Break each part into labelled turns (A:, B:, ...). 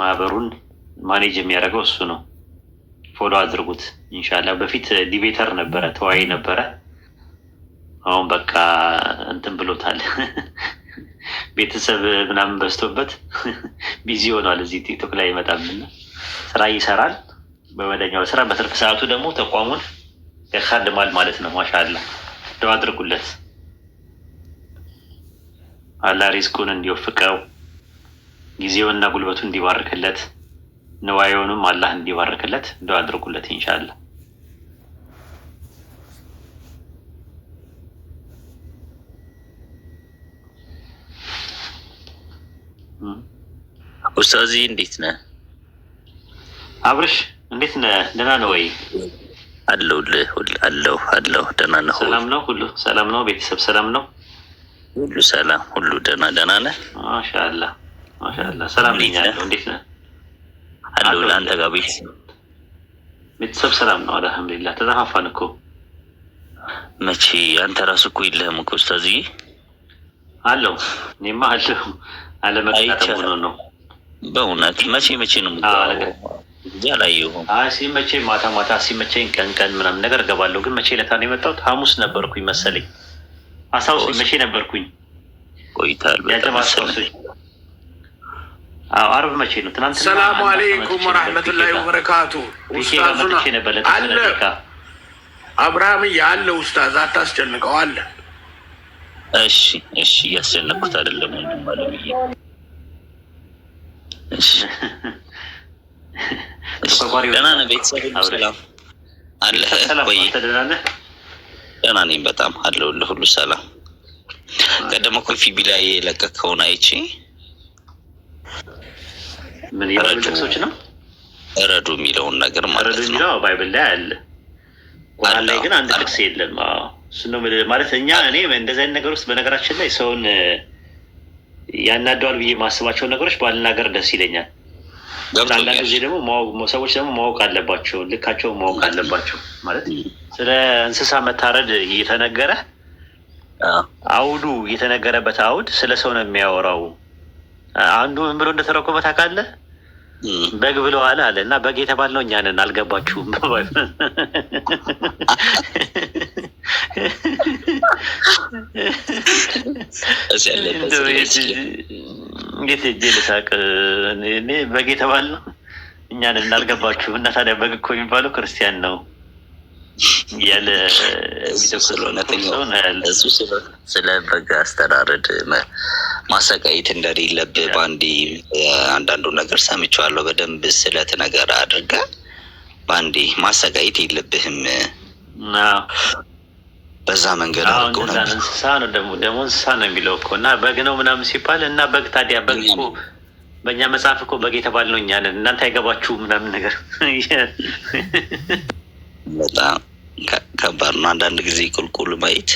A: ማህበሩን ማኔጅ የሚያደርገው እሱ ነው። ፎሎ አድርጉት እንሻላ በፊት ዲቤተር ነበረ፣ ተወያይ ነበረ። አሁን በቃ እንትን ብሎታል። ቤተሰብ ምናምን በዝቶበት ቢዚ ሆኗል። እዚህ ቲክቶክ ላይ ይመጣልና ስራ ይሰራል። በመደኛው ስራ በትርፍ ሰዓቱ ደግሞ ተቋሙን ያካልማል ማለት ነው። ማሻላ ደው አድርጉለት። አላ ሪዝቁን እንዲወፍቀው ጊዜውና ጉልበቱ እንዲባርክለት ንዋየውንም አላህ እንዲባርክለት እንደው አድርጉለት ኢንሻአላ።
B: ኡስታዚ እንዴት ነህ?
A: አብርሽ እንዴት ነህ? ደህና ነው ወይ?
B: አለሁልህ አለሁ አለሁ። ደህና ነህ?
A: ሰላም ነው ሁሉ ሰላም ነው ቤተሰብ ሰላም ነው
B: ሁሉ ሰላም ሁሉ ደህና ደህና ነህ?
A: ማሻአላህ ማሻላ ሰላም ነኝ እንዴት ነህ?
B: አለሁ ለአንተ ጋር ቤት
A: ቤተሰብ ሰላም ነው? አልሐምዱሊላህ። ተጠፋፋን እኮ
B: መቼ። አንተ ራስህ እኮ የለህም እኮ ኡስታዝዬ።
A: አለሁ እኔማ አለሁ።
B: አለመቅጣት ሆኖ ነው በእውነት መቼ መቼ ነው አላየሁም።
A: ሲመቸኝ ማታ ማታ፣ ሲመቸኝ ቀን ቀን ምናምን ነገር እገባለሁ። ግን መቼ ለታ ነው የመጣሁት? ሐሙስ ነበርኩኝ መሰለኝ። አሳውስ መቼ ነበርኩኝ? ቆይታል በጣም መሰለኝ አርብ መቼ
C: ነው? ትናንት ሰላሙ አሌይኩም ወራህመቱላሂ ወበረካቱ። ኡስታዙና አለ አብርሃምዬ አለ ኡስታዝ አታስጨንቀው አለ።
B: እሺ እሺ፣ እያስጨነኩት አይደለም ወንድም አለምዬ። እሺ ደህና ነህ? ቤተሰብ ሰላም አለ? ቆይ ደህና ነኝ በጣም አለሁልህ። ሁሉ ሰላም። ቀደመ ኮፊ ፊቢ ላይ የለቀከውን አይቼ
A: ምን የባይብል ጥቅሶች ነው
B: እረዱ የሚለውን ነገር
A: ማለት ነው። እረዱ የሚለው ባይብል ላይ አለ፣ ቁርአን ላይ ግን አንድ ጥቅስ የለም። ስነ ማለት እኛ እኔ እንደዚህ አይነት ነገር ውስጥ በነገራችን ላይ ሰውን ያናደዋል ብዬ ማስባቸውን ነገሮች ባልናገር ደስ ይለኛል። አንዳንድ ጊዜ ደግሞ ሰዎች ደግሞ ማወቅ አለባቸው፣ ልካቸውን ማወቅ አለባቸው። ማለት ስለ እንስሳ መታረድ እየተነገረ አውዱ እየተነገረበት አውድ ስለ ሰው ነው የሚያወራው። አንዱ ምን ብሎ እንደተረኮበት ታውቃለህ? በግ ብለዋል አለ እና በግ የተባልነው እኛ ነን። አልገባችሁም? እንዴት እጅ ልሳቅ? እኔ በግ የተባልነው እኛ ነን፣ አልገባችሁም? እና ታዲያ በግ እኮ የሚባለው ክርስቲያን ነው ያለ
B: ስለሆነ ስለ በግ አስተራረድ ማሰቃየት እንደሌለብህ በአንዴ አንዳንዱ ነገር ሰምቼዋለሁ። በደንብ ስለት ነገር አድርጋ በአንዴ ማሰቃየት የለብህም። በዛ መንገድ
A: እንስሳ ነው ደግሞ ደግሞ እንስሳ ነው የሚለው እኮ እና በግ ነው ምናምን ሲባል እና በግ ታዲያ በግ እኮ በእኛ መጽሐፍ እኮ በግ የተባል ነው እኛ ነን፣ እናንተ አይገባችሁ ምናምን ነገር
B: በጣም ከባድ ነው። አንዳንድ ጊዜ ቁልቁል ማየት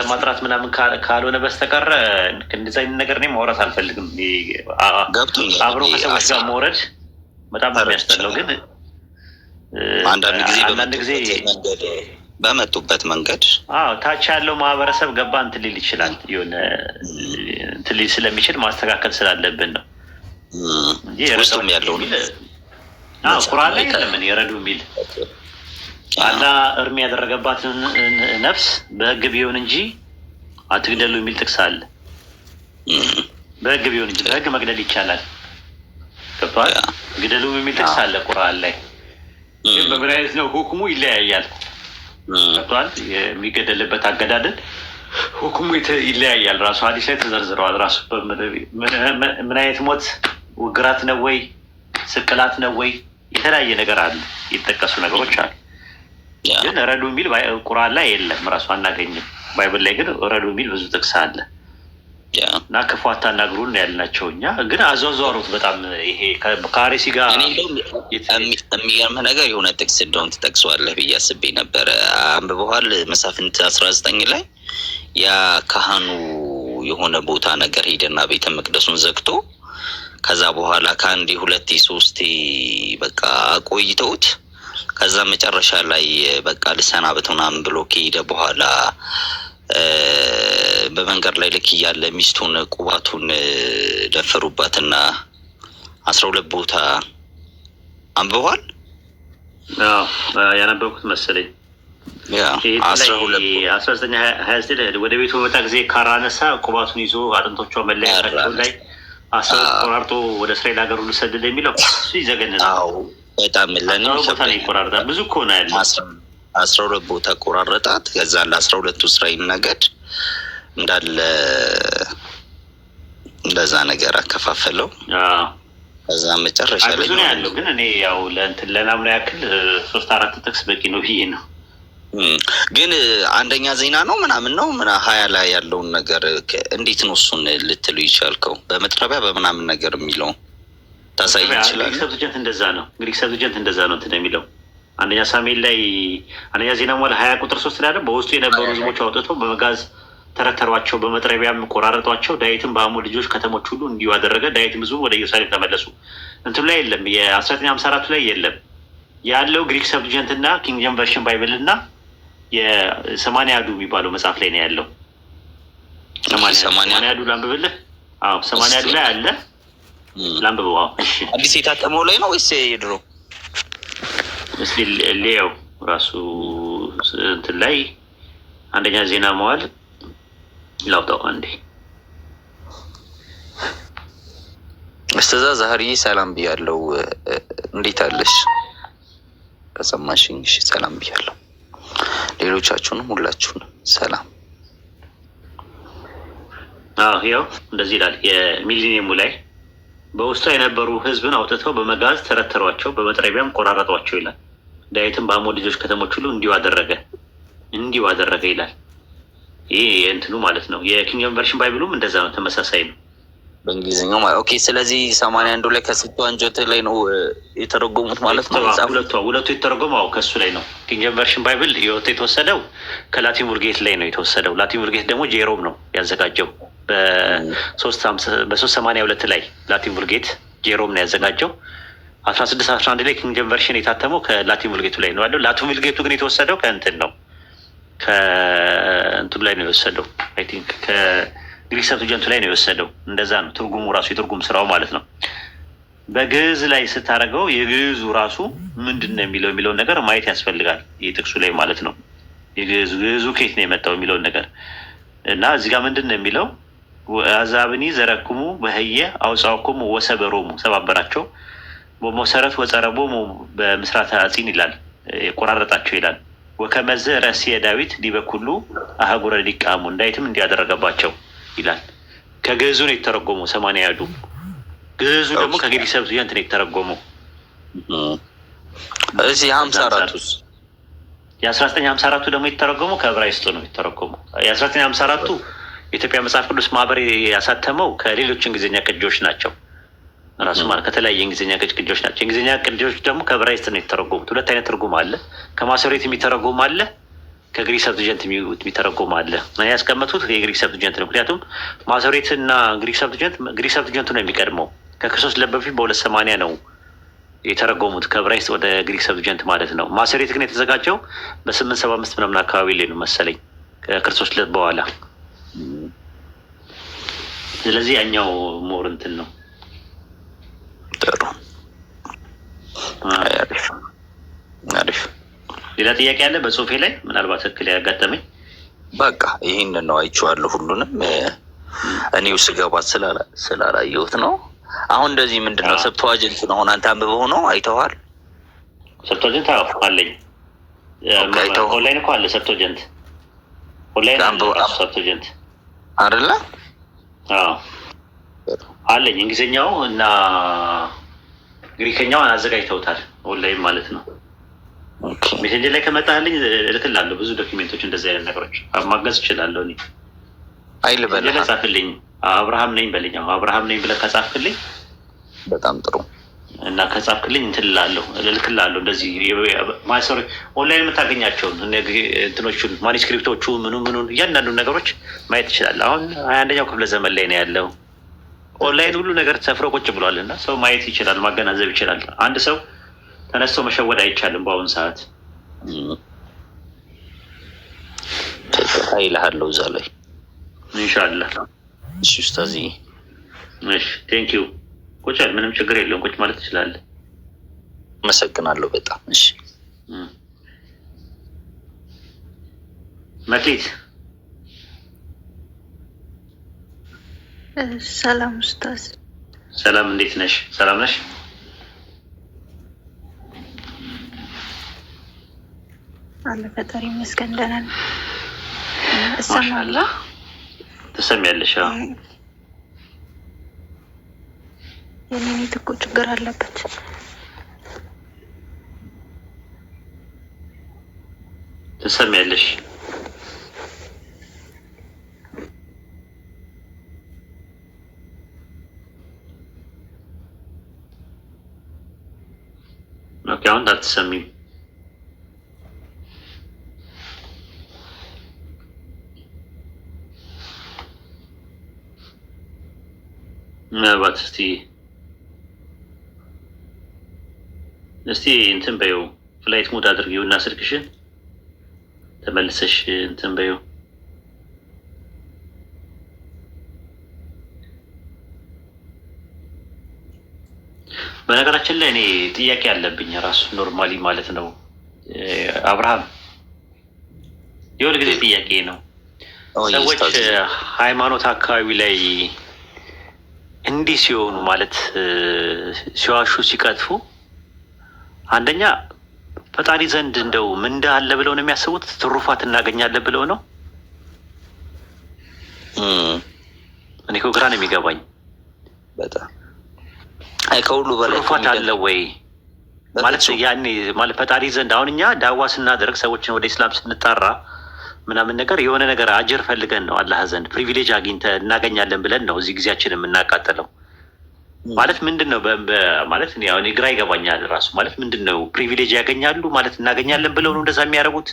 A: ለማጥራት ምናምን ካልሆነ በስተቀረ እንደዚ አይነት ነገር እኔ ማውራት አልፈልግም። አብሮ ከሰዎች ጋር መውረድ በጣም የሚያስጠላው ግን
B: አንዳንድ ጊዜ በመጡበት መንገድ
A: ታች ያለው ማህበረሰብ ገባ እንትን ሊል ይችላል። የሆነ እንትን ሊል ስለሚችል ማስተካከል ስላለብን ነው። ውስጡም ያለው ቁራ ላይ ለምን የረዱ የሚል አላህ እርም ያደረገባትን ነፍስ በህግ ቢሆን እንጂ አትግደሉ የሚል ጥቅስ አለ። በህግ ቢሆን እንጂ በህግ መግደል ይቻላል። ገብቷል። ግደሉ የሚል ጥቅስ አለ ቁርአን ላይ። ግን በምን አይነት ነው ሁክሙ ይለያያል። ገብቷል። የሚገደልበት አገዳደል ሁክሙ ይለያያል። ራሱ ሐዲስ ላይ ተዘርዝረዋል። ራሱ ምን አይነት ሞት ውግራት ነው ወይ ስቅላት ነው ወይ የተለያየ ነገር አለ። የተጠቀሱ ነገሮች አሉ። ግን ረዱ የሚል ቁርአን ላይ የለም፣ ራሱ አናገኝም። ባይብል ላይ ግን ረዱ የሚል ብዙ ጥቅስ አለ እና ክፉ አታናግሩን ያልናቸው እኛ ግን አዟዟሩት በጣም ይሄ ከአርሲ ጋር
B: የሚገርምህ ነገር የሆነ ጥቅስ እንደውም ትጠቅሰዋለህ ብዬ አስቤ ነበር። አንብበኋል መሳፍንት አስራ ዘጠኝ ላይ ያ ካህኑ የሆነ ቦታ ነገር ሄደና ቤተ መቅደሱን ዘግቶ ከዛ በኋላ ከአንዴ ሁለቴ ሶስቴ በቃ አቆይተውት ከዛ መጨረሻ ላይ በቃ ልሰናበት ምናምን ብሎ ከሄደ በኋላ በመንገድ ላይ ልክ እያለ ሚስቱን ቁባቱን ደፈሩባትና አስራ ሁለት ቦታ አንብቧል።
A: ያነበብኩት መሰለኝ አስራ ሀያ ዘጠኝ ወደ ቤቱ በመጣ ጊዜ ካራነሳ ቁባቱን ይዞ አጥንቶቿ መለያቸው ላይ አስራ ቆራርጦ ወደ እስራኤል ሀገር ሁሉ ሰደደ የሚለው እሱ
B: ይዘገንናል። በጣም ለኔ ከሆነ ያለ አስራ ሁለት ቦታ ቆራረጣት። ከዛ ለአስራ ሁለቱ እንዳለ እንደዛ ነገር አከፋፈለው። ከዛ መጨረሻ
A: ላይ ያለው። ግን እኔ ያው ለእንትን ለናምና ያክል ሶስት አራት ጥቅስ በቂ ነው ብዬ ነው
B: ግን አንደኛ ዜና ነው ምናምን ነው ምና ሀያ ላይ ያለውን ነገር እንዴት ነው እሱን ልትሉ ይቻልከው? በመጥረቢያ በምናምን ነገር የሚለውን
A: ታሳይ ይችላል። ሰብጀንት እንደዛ ነው እንደዛ ነው እንትን የሚለው አንደኛ ሳሙኤል ላይ አንደኛ ዜና መዋዕል ሀያ ቁጥር ሶስት ላይ በውስጡ የነበሩ ህዝቦች አውጥቶ በመጋዝ ተረተሯቸው፣ በመጥረቢያም ቆራረጧቸው። ዳዊትም በአሞን ልጆች ከተሞች ሁሉ እንዲሁ አደረገ። ዳዊትም ወደ ኢየሩሳሌም ተመለሱ። ላይ የለም የአስራተኛ ሀምሳ አራቱ ላይ የለም ያለው ግሪክ ሰብጀንት እና ኪንግ ቨርሽን ባይብል እና የሚባለው መጽሐፍ ላይ ነው ያለው። ላንብብልህ። ላይ አለ ላንብበው።
B: አዲስ የታተመው ላይ ነው ወይስ የድሮ?
A: እስኪ ሌያው ራሱ እንትን ላይ አንደኛ ዜና መዋል ላውጣው አንዴ።
B: እስተዛ ዛህርዬ ሰላም ብያለው። እንዴት አለሽ? ከሰማሽኝ ሰላም ብያለው። ሌሎቻችሁንም ሁላችሁንም ሰላም።
A: ያው እንደዚህ ይላል የሚሊኒየሙ ላይ በውስጧ የነበሩ ህዝብን አውጥተው በመጋዝ ተረተሯቸው፣ በመጥረቢያም ቆራረጧቸው ይላል። ዳዊትም በአሞን ልጆች ከተሞች ሁሉ እንዲሁ አደረገ እንዲሁ አደረገ ይላል። ይህ የእንትኑ ማለት ነው። የኪንግም ቨርሽን ባይብሉም እንደዛ ነው፣ ተመሳሳይ ነው
B: በእንግሊዝኛው ማለት ኦኬ። ስለዚህ ሰማንያ አንዱ ላይ ከስቱ አንጆት ላይ ነው የተረጎሙት ማለት
A: ነው። ሁለቱ ሁለቱ የተረጎመው ከሱ ላይ ነው። ኪንግም ቨርሽን ባይብል የተወሰደው ከላቲን ቡልጌት ላይ ነው የተወሰደው። ላቲን ቡልጌት ደግሞ ጄሮም ነው ያዘጋጀው። በሶስት ሰማንያ ሁለት ላይ ላቲን ቡልጌት ጄሮም ነው ያዘጋጀው። አስራ ስድስት አስራ አንድ ላይ ኪንግደም ቨርሽን የታተመው ከላቲን ቡልጌቱ ላይ ነው ያለው። ላቲን ቡልጌቱ ግን የተወሰደው ከእንትን ነው ከእንትኑ ላይ ነው የወሰደው። አይ ቲንክ ከግሪክ ሰብትጀንቱ ላይ ነው የወሰደው። እንደዛ ነው ትርጉሙ ራሱ የትርጉም ስራው ማለት ነው። በግዕዝ ላይ ስታደርገው የግዕዙ ራሱ ምንድን ነው የሚለው የሚለውን ነገር ማየት ያስፈልጋል። ጥቅሱ ላይ ማለት ነው። የግዕዙ ግዕዙ ከየት ነው የመጣው የሚለውን ነገር እና እዚህ ጋር ምንድን ነው የሚለው አዛብኒ ዘረክሙ በህየ አውፃውኩሙ ወሰበሮሙ ሰባበራቸው በመሰረት ወጸረቦሙ በምስራተ አፂን ይላል የቆራረጣቸው ይላል ወከመዘ ረእስየ ዳዊት ዲበ አህጉረ ሊቃሙ እንዳይትም እንዲያደረገባቸው ይላል። ከግዕዙ ነው የተረጎመው። ሰማንያ ያዱ ግዕዙ ደግሞ ከግሪክ ሰብስቤ እንትን የተረጎመው
B: እዚህ ሀምሳ አራቱ
A: የአስራ ዘጠኝ ሀምሳ አራቱ ደግሞ የተረጎመው ከዕብራይስጡ ነው የተረጎመው የአስራ ዘጠኝ ሀምሳ አራቱ የኢትዮጵያ መጽሐፍ ቅዱስ ማህበር ያሳተመው ከሌሎች እንግሊዝኛ ቅጂዎች ናቸው። ራሱ ማለት ከተለያየ እንግሊዝኛ ቅጂዎች ናቸው። እንግሊዝኛ ቅጂዎች ደግሞ ከብራይስት ነው የተረጎሙት። ሁለት አይነት ትርጉም አለ። ከማሰሬት የሚተረጎም አለ፣ ከግሪክ ሰብትጀንት የሚተረጎም አለ። እኔ ያስቀመጥኩት የግሪክ ሰብትጀንት ነው። ምክንያቱም ማሰሬት እና ግሪክ ሰብትጀንት ግሪክ ሰብትጀንቱ ነው የሚቀድመው። ከክርስቶስ ለበፊት በሁለት ሰማንያ ነው የተረጎሙት ከብራይስት ወደ ግሪክ ሰብትጀንት ማለት ነው። ማሰሬት ግን የተዘጋጀው በስምንት ሰባ አምስት ምናምን አካባቢ ላይ ነው መሰለኝ ከክርስቶስ ለት በኋላ ስለዚህ ያኛው ሞር እንትን ነው።
B: ጥሩ አሪፍ።
A: ሌላ ጥያቄ አለ በጽሁፌ ላይ ምናልባት እክል ያጋጠመኝ
B: በቃ ይህን ነው። አይቼዋለሁ ሁሉንም እኔው ስገባት ስላላየሁት ነው። አሁን እንደዚህ ምንድን ነው ሰብተዋጀንት ነው አሁን አንተ አንብበው ነው አይተዋል።
A: ሰብተዋጀንት አለኝ ኦንላይን እኮ አለ ሰብተዋጀንት ኦንላይን
B: አለ ሰብተዋጀንት አይደለ
A: አለኝ እንግሊዝኛው እና ግሪከኛውን አዘጋጅተውታል። ኦንላይን ማለት ነው። ሜሴንጀር ላይ ከመጣልኝ እልክልሃለሁ። ብዙ ዶኪሜንቶች፣ እንደዚህ አይነት ነገሮች ማገዝ እችላለሁ። አይልበል አብርሃም ነኝ በልኛው አብርሃም ነኝ ብለህ ከጻፍክልኝ በጣም ጥሩ እና ከጻፍክልኝ እንትልላለሁ እልክላለሁ። እንደዚህ ማሰሪ ኦንላይን የምታገኛቸውን እንትኖቹን ማኒስክሪፕቶቹ ምኑ ምኑን እያንዳንዱ ነገሮች ማየት ይችላል። አሁን ሀያ አንደኛው ክፍለ ዘመን ላይ ነው ያለው። ኦንላይን ሁሉ ነገር ሰፍሮ ቁጭ ብሏል እና ሰው ማየት ይችላል፣ ማገናዘብ ይችላል። አንድ ሰው ተነስቶ መሸወድ አይቻልም በአሁኑ ሰዓት።
B: ይልሃለሁ እዛ ላይ ኢንሻላህ። እሺ ኡስታዝ፣
A: እሺ ቁጭ ምንም ችግር የለውም። ቁጭ ማለት ትችላለህ።
B: አመሰግናለሁ በጣም እሺ።
A: መክሊት
D: ሰላም ኡስታዝ።
A: ሰላም እንዴት ነሽ? ሰላም ነሽ?
D: አለ ፈጣሪ ይመስገን ደህና ነኝ።
A: እሰማለሁ።
B: ትሰሚያለሽ?
D: የኔኔት እኮ ችግር አለበት።
B: ትሰሚያለሽ?
A: ኦኬ፣ አሁን አትሰሚም ምናልባት እስቲ እስቲ እንትን በይው ፍላይት ሙድ አድርጊው እና ስልክሽን ተመልሰሽ እንትን በይው። በነገራችን ላይ እኔ ጥያቄ አለብኝ ራሱ ኖርማሊ ማለት ነው። አብርሃም የሁል ጊዜ ጥያቄ ነው። ሰዎች ሃይማኖት አካባቢ ላይ እንዲህ ሲሆኑ ማለት ሲዋሹ ሲቀጥፉ አንደኛ ፈጣሪ ዘንድ እንደው ምንዳ አለ ብለው ነው የሚያስቡት፣ ትሩፋት እናገኛለን ብለው ነው። እኔ ግራ ነው የሚገባኝ
B: በጣም ከሁሉ
A: በላይ ትሩፋት አለ ወይ ማለት ያኔ ማለት ፈጣሪ ዘንድ አሁን እኛ ዳዋ ስናደርግ ሰዎችን ወደ ኢስላም ስንጠራ ምናምን ነገር የሆነ ነገር አጀር ፈልገን ነው አላህ ዘንድ ፕሪቪሌጅ አግኝተ እናገኛለን ብለን ነው እዚህ ጊዜያችን የምናቃጥለው። ማለት ምንድን ነው ማለት እኔ ግራ ይገባኛል ራሱ ማለት ምንድን ነው ፕሪቪሌጅ ያገኛሉ ማለት እናገኛለን ብለው ነው እንደዛ የሚያደርጉት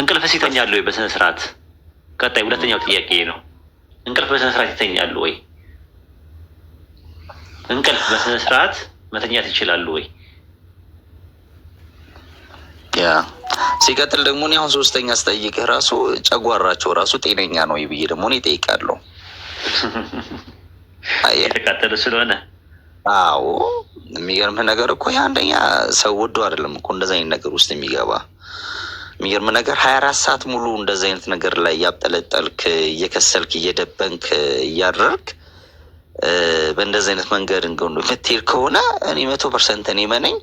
A: እንቅልፍስ ይተኛሉ ወይ በስነ ስርዓት ቀጣይ ሁለተኛው ጥያቄ ነው እንቅልፍ በስነ ስርዓት ይተኛሉ ወይ እንቅልፍ በስነ ስርዓት መተኛት ይችላሉ ወይ
B: ያ ሲቀጥል ደግሞ እኔ አሁን ሶስተኛ ስጠይቅህ ራሱ ጨጓራቸው ራሱ ጤነኛ ነው ብዬ ደግሞ እኔ የተቃጠለ ስለሆነ አዎ የሚገርምህ ነገር እኮ አንደኛ ሰው ወዶ አይደለም እኮ እንደዚ አይነት ነገር ውስጥ የሚገባ የሚገርም ነገር ሀያ አራት ሰዓት ሙሉ እንደዚ አይነት ነገር ላይ እያብጠለጠልክ እየከሰልክ እየደበንክ እያደረግ በእንደዚ አይነት መንገድ እንገ የምትሄድ ከሆነ እኔ መቶ ፐርሰንት እኔ መነኝ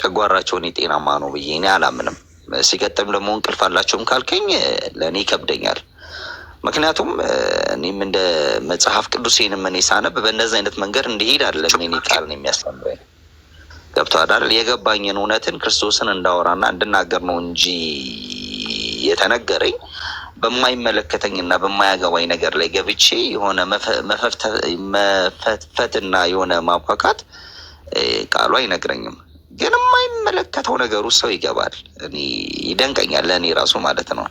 B: ጨጓራቸውን የጤናማ ነው ብዬ እኔ አላምንም። ሲገጥም ደግሞ እንቅልፍ አላቸውም ካልከኝ ለእኔ ይከብደኛል። ምክንያቱም እኔም እንደ መጽሐፍ ቅዱሴንም እኔ ሳነብ በእነዚህ አይነት መንገድ እንዲሄድ አይደለም የእኔ ቃል ነው የሚያስተምረኝ። ገብቶሃል አይደል? የገባኝን እውነትን ክርስቶስን እንዳወራና እንድናገር ነው እንጂ የተነገረኝ በማይመለከተኝና በማያገባኝ ነገር ላይ ገብቼ የሆነ መፈትፈትና የሆነ ማብካካት ቃሉ አይነግረኝም። ግን የማይመለከተው ነገር ውስጥ ሰው ይገባል። እኔ ይደንቀኛል፣ ለእኔ ራሱ ማለት ነው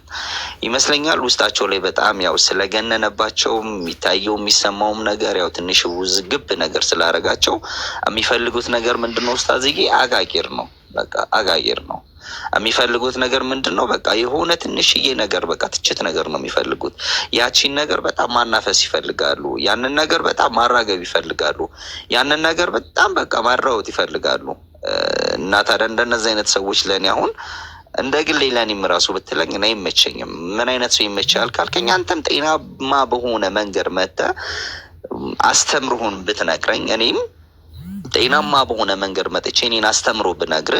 B: ይመስለኛል። ውስጣቸው ላይ በጣም ያው ስለገነነባቸው የሚታየው የሚሰማውም ነገር ያው ትንሽ ውዝግብ ነገር ስላደረጋቸው የሚፈልጉት ነገር ምንድን ነው? ዜጌ አጋጌር ነው፣ በቃ አጋጌር ነው የሚፈልጉት ነገር ምንድን ነው? በቃ የሆነ ትንሽዬ ነገር በቃ ትችት ነገር ነው የሚፈልጉት። ያቺን ነገር በጣም ማናፈስ ይፈልጋሉ። ያንን ነገር በጣም ማራገብ ይፈልጋሉ። ያንን ነገር በጣም በቃ ማራወጥ ይፈልጋሉ። እና ታዲያ እንደነዚህ አይነት ሰዎች ለእኔ አሁን እንደ ግሌ ለእኔም ራሱ ብትለኝ እኔ አይመቸኝም። ምን አይነት ሰው ይመቻል ካልከኝ አንተም ጤናማ በሆነ መንገድ መጥተህ አስተምርሁን ብትነግረኝ እኔም ጤናማ በሆነ መንገድ መጥቼ እኔን አስተምሮ ብነግር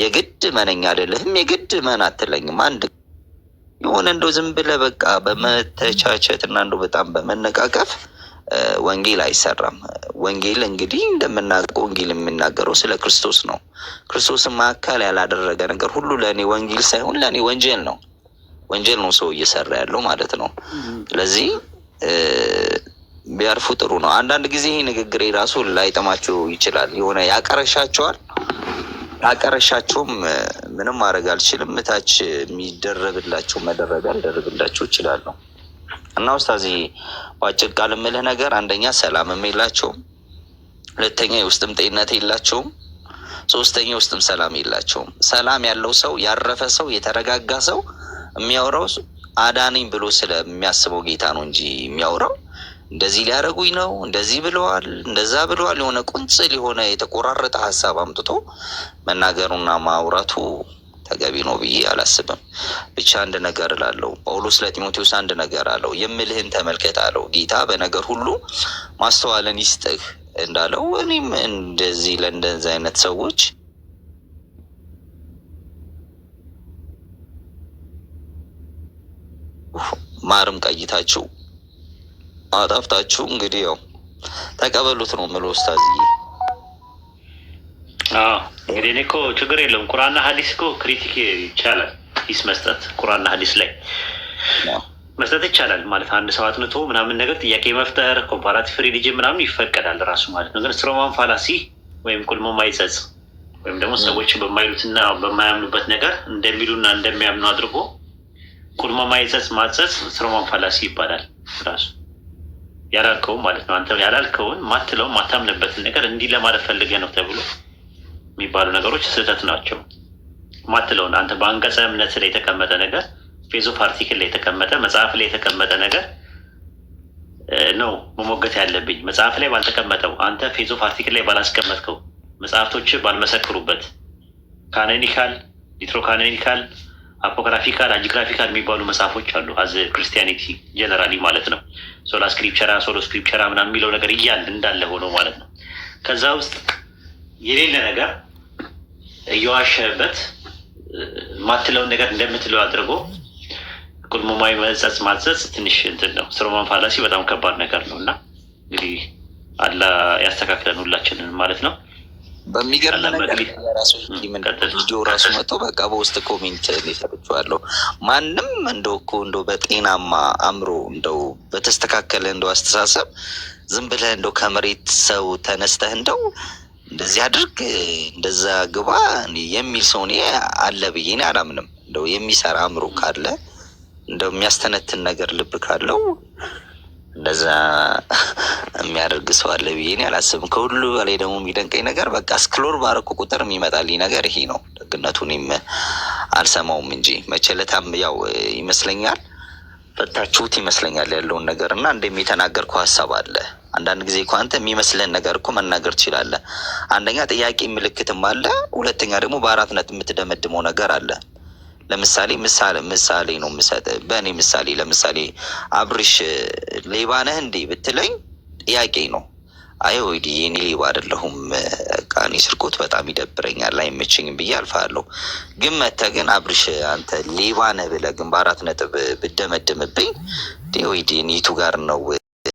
B: የግድ መነኝ አልልህም፣ የግድ መን አትለኝም። አንድ የሆነ እንደው ዝም ብለህ በቃ በመተቻቸት እና እንደው በጣም በመነቃቀፍ ወንጌል አይሰራም። ወንጌል እንግዲህ እንደምናውቀው ወንጌል የሚናገረው ስለ ክርስቶስ ነው። ክርስቶስን ማዕከል ያላደረገ ነገር ሁሉ ለእኔ ወንጌል ሳይሆን ለእኔ ወንጀል ነው። ወንጀል ነው ሰው እየሰራ ያለው ማለት ነው። ስለዚህ ቢያርፉ ጥሩ ነው። አንዳንድ ጊዜ ይህ ንግግር ራሱ ላይጥማችሁ ይችላል። የሆነ ያቀረሻቸዋል። አቀረሻቸውም ምንም ማድረግ አልችልም። እታች የሚደረግላቸው መደረግ አልደረግላቸው ነው። እና ውስታዚ በአጭር ቃል የምልህ ነገር አንደኛ ሰላምም የላቸውም፣ ሁለተኛ የውስጥም ጤንነት የላቸውም፣ ሶስተኛ የውስጥም ሰላም የላቸውም። ሰላም ያለው ሰው ያረፈ ሰው የተረጋጋ ሰው የሚያወራው አዳነኝ ብሎ ስለሚያስበው ጌታ ነው እንጂ የሚያወራው እንደዚህ ሊያደርጉኝ ነው፣ እንደዚህ ብለዋል፣ እንደዛ ብለዋል፣ የሆነ ቁንጽል የሆነ የተቆራረጠ ሀሳብ አምጥቶ መናገሩና ማውራቱ ተገቢ ነው ብዬ አላስብም። ብቻ አንድ ነገር እላለሁ፣ ጳውሎስ ለጢሞቴዎስ አንድ ነገር አለው፣ የምልህን ተመልከት አለው። ጌታ በነገር ሁሉ ማስተዋልን ይስጥህ እንዳለው እኔም እንደዚህ ለእንደዚህ አይነት ሰዎች ማርም ቀይታችሁ አጣፍታችሁ እንግዲህ ያው ተቀበሉት ነው ምሎ ስታዝዬ
A: እንግዲህ እኔ እኮ ችግር የለውም። ቁርአንና ሀዲስ እኮ ክሪቲክ ይቻላል። ሂስ መስጠት ቁርአንና ሀዲስ ላይ መስጠት ይቻላል ማለት አንድ ሰው አጥንቶ ምናምን ነገር ጥያቄ መፍጠር ኮምፓራቲቭ ሪሊጅን ምናምን ይፈቀዳል ራሱ ማለት ነው። ግን ስትሮማን ፋላሲ ወይም ቁልሞ ማይጸጽ ወይም ደግሞ ሰዎች በማይሉትና በማያምኑበት ነገር እንደሚሉና እንደሚያምኑ አድርጎ ቁልሞ ማይጸጽ ማጸጽ ስትሮማን ፋላሲ ይባላል። ራሱ ያላልከውን ማለት ነው አንተ ያላልከውን ማትለው ማታምንበትን ነገር እንዲህ ለማለት ፈልገህ ነው ተብሎ የሚባሉ ነገሮች ስህተት ናቸው። ማትለውን አንተ በአንቀጸ እምነት ላይ የተቀመጠ ነገር ፌዞ ፓርቲክል አርቲክል ላይ የተቀመጠ መጽሐፍ ላይ የተቀመጠ ነገር ነው መሞገት ያለብኝ። መጽሐፍ ላይ ባልተቀመጠው አንተ ፌዞ ፓርቲክል አርቲክል ላይ ባላስቀመጥከው መጽሐፍቶች ባልመሰክሩበት ካኖኒካል፣ ሊትሮካኖኒካል፣ አፖግራፊካል፣ አጂግራፊካል የሚባሉ መጽሐፎች አሉ። አዘ ክርስቲያኒቲ ጀነራሊ ማለት ነው። ሶላ ስክሪፕቸራ ሶሎ ስክሪፕቸራ ምናምን የሚለው ነገር እያል እንዳለ ሆኖ ማለት ነው። ከዛ ውስጥ የሌለ ነገር እየዋሸበት ማትለውን ነገር እንደምትለው አድርጎ ቁልሙማዊ መጸጽ ማጸጽ ትንሽ እንትን ነው። ስርማን ፋላሲ በጣም ከባድ ነገር ነው እና እንግዲህ አላ ያስተካክለን ሁላችንን ማለት ነው።
B: በሚገርም ነገር ራሱ ቪዲዮ ራሱ መጥቶ በቃ በውስጥ ኮሜንት ሊሰርችዋለሁ። ማንም እንደው እኮ እንደው በጤናማ አእምሮ እንደው በተስተካከለ እንደው አስተሳሰብ ዝም ብለህ እንደው ከመሬት ሰው ተነስተህ እንደው እንደዚህ አድርግ እንደዛ ግባ የሚል ሰው እኔ አለ ብዬ እኔ አላምንም። እንደው የሚሰራ አእምሮ ካለ እንደው የሚያስተነትን ነገር ልብ ካለው እንደዛ የሚያደርግ ሰው አለ ብዬ እኔ አላስብም። ከሁሉ በላይ ደግሞ የሚደንቀኝ ነገር በቃ እስክሎር ባረኩ ቁጥር የሚመጣልኝ ነገር ይሄ ነው። ደግነቱን አልሰማውም እንጂ መቸለታም ያው ይመስለኛል ፈታችሁት ይመስለኛል ያለውን ነገር እና እንደሚተናገርኩ ሀሳብ አለ አንዳንድ ጊዜ እኮ አንተ የሚመስለን ነገር እኮ መናገር ትችላለህ። አንደኛ ጥያቄ ምልክትም አለ፣ ሁለተኛ ደግሞ በአራትነት የምትደመድመው ነገር አለ። ለምሳሌ ምሳሌ ምሳሌ ነው የምሰጥህ፣ በእኔ ምሳሌ ለምሳሌ አብርሽ ሌባ ነህ እንዴ ብትለኝ ጥያቄ ነው። አይ ወይዲ የኔ ሌባ አይደለሁም፣ ቃኒ ስርቆት በጣም ይደብረኛል አይመቸኝም ብዬ አልፋለሁ። ግን መተ ግን አብርሽ አንተ ሌባ ነህ ብለህ ግን በአራት ነጥብ ብደመድምብኝ ወይዲ ኒቱ ጋር ነው